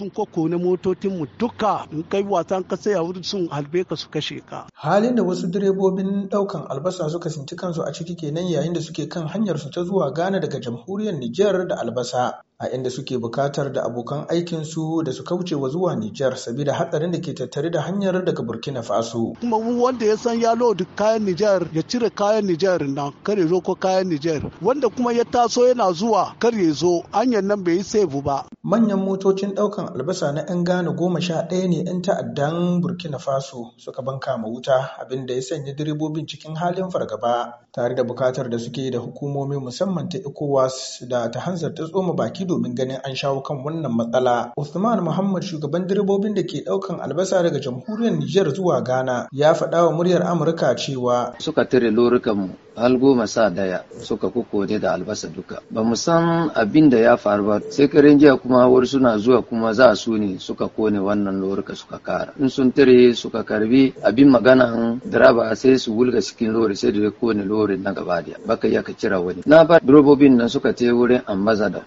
sun koko na motocinmu duka in kai wasan kasa ya wurin sun halbe ka su kashe ka. Halin da wasu direbobin ɗaukan albasa suka sinci kansu a ciki kenan yayin da suke kan hanyar su ta zuwa Ghana daga jamhuriyar Nijar da albasa. a inda suke bukatar da abokan aikinsu da su kauce wa zuwa Nijar sabida hatsarin da ke tattare da hanyar daga Burkina Faso. Kuma wanda ya san ya lodi kayan Nijar ya cire kayan Nijar na kar ya zo ko kayan Nijar wanda kuma ya taso yana zuwa kar ya zo hanyar nan bai yi bu ba. Manyan motocin daukan albasa na 'yan Ghana goma sha ɗaya ne 'yan ta'addan Burkina Faso suka banka ma wuta abin da ya sanya direbobin cikin halin fargaba tare da bukatar da suke da hukumomi musamman ta ECOWAS da ta hanzarta tsoma baki domin ganin an shawo kan wannan matsala. Usman Muhammad shugaban direbobin da ke ɗaukan albasa daga jamhuriyar Nijar zuwa Ghana ya faɗa wa muryar Amurka cewa suka tare mu hal goma sa daya suka ne da albasa duka ba mu san abin da ya faru ba sai karen jiya kuma wani suna zuwa kuma za su ne suka kone wannan lorika suka kara in sun tare suka karbi abin magana direba sai su wulga cikin lori sai da ya kone lori na gaba daya baka iya ka kira wani na ba direbobin nan suka te wurin ambassador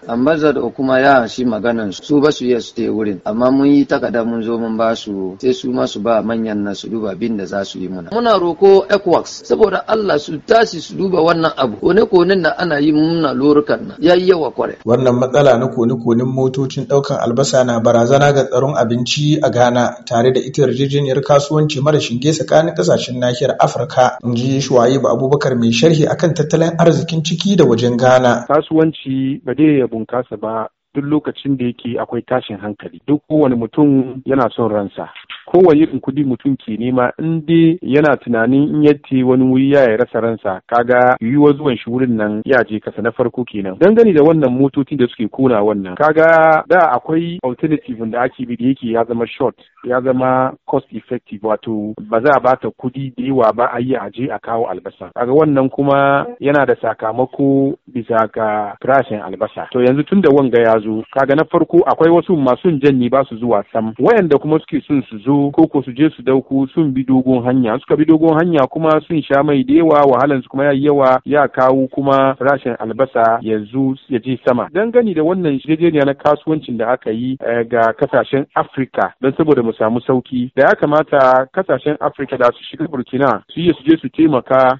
da kuma ya shi maganan su ba su iya su te wurin amma mun yi takada mun zo mun ba su sai su ma su ba manyan na su duba bin da za su yi muna muna roko ecowas saboda Allah su tashi su duba wannan abu kone konen da ana yi muna lorukan nan yayi yawa kware wannan matsala na kone konen motocin daukan albasa na barazana ga tsaron abinci a Ghana tare da ita yarjejeniyar kasuwanci mara shinge tsakanin kasashen nahiyar Afirka in ji Shuaibu Abubakar mai sharhi akan tattalin arzikin ciki da wajen Ghana kasuwanci ba dai ya bunkasa ba duk lokacin da yake akwai tashin hankali duk kowane mutum yana son ransa kowane irin kudi mutum ke nema in dai yana tunanin in yatti wani wuri ya rasa ransa kaga yiwuwa zuwan shi wurin nan ya je kasa na farko kenan dangane da wannan motocin da suke kona wannan kaga da akwai alternative da ake bi da yake ya zama short ya zama cost effective wato ba za a bata kudi da yawa ba a yi a je a kawo albasa kaga wannan kuma yana da sakamako bisa ga farashin albasa to yanzu tun da wanga ya zo kaga na farko akwai wasu masu janni ba su zuwa sam wayanda kuma suke son su zo Ko ko su je su dauko sun bi dogon hanya suka bi dogon hanya kuma sun sha mai da yawa wahalan su kuma ya yawa ya kawo kuma rashin albasa yanzu ya je sama dan gani da wannan shirye na kasuwancin da aka yi eh, ga kasashen afrika don saboda mu samu sauki da ya kamata kasashen Afirka da su shiga Burkina su yi su je su taimaka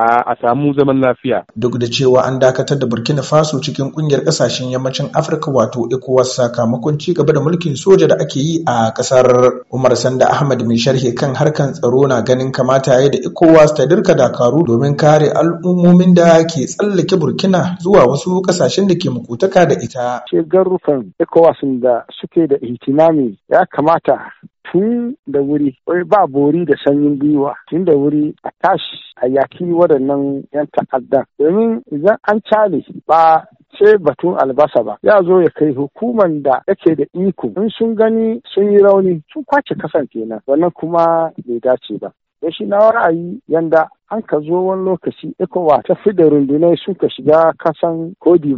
a samu zaman lafiya. Duk da cewa an dakatar da Burkina Faso cikin kungiyar kasashen yammacin Afirka wato ECOWAS sakamakon ci gaba da mulkin soja da ake yi a kasar Umar Sanda Ahmad mai sharhi kan harkan tsaro na ganin kamata yayi da ECOWAS ta dirka dakaru domin kare al'ummomin da ke tsallake Burkina zuwa wasu kasashen da ke mukutaka da ita. Shegarufan ECOWAS da suke da ihtimami ya kamata tun da wuri ba bori da sanyin gwiwa tun da wuri a tashi a yaki waɗannan 'yan ta'addan domin idan an cale ba ce batun albasa ba ya zo ya kai hukuman da yake da iko in sun gani sun yi rauni sun kwace kasan kenan wannan kuma bai dace ba da shi na ra'ayi yanda an ka zo wani lokaci ECOWAS ta fi da rundunai suka shiga kasan Cote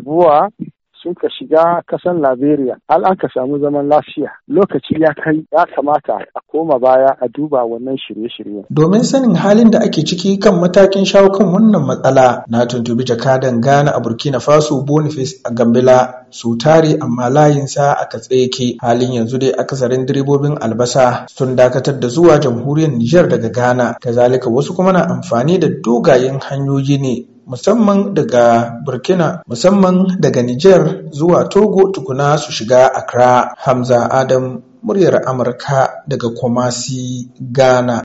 sun ka shiga kasan Liberia har an ka samu zaman lafiya lokaci ya kai ya kamata a koma baya a duba wannan shirye-shirye. Domin sanin halin da ake ciki kan matakin shawo kan wannan matsala na tuntubi jakadan Ghana a Burkina Faso Boniface a Gambela su tare amma layinsa a katse halin yanzu dai akasarin direbobin albasa sun dakatar da zuwa jamhuriyar Nijar daga Ghana kazalika wasu kuma na amfani da dogayen hanyoyi ne musamman daga Burkina musamman daga niger zuwa Togo tukuna su shiga Accra. Hamza Adam muryar Amurka daga Kumasi, Ghana.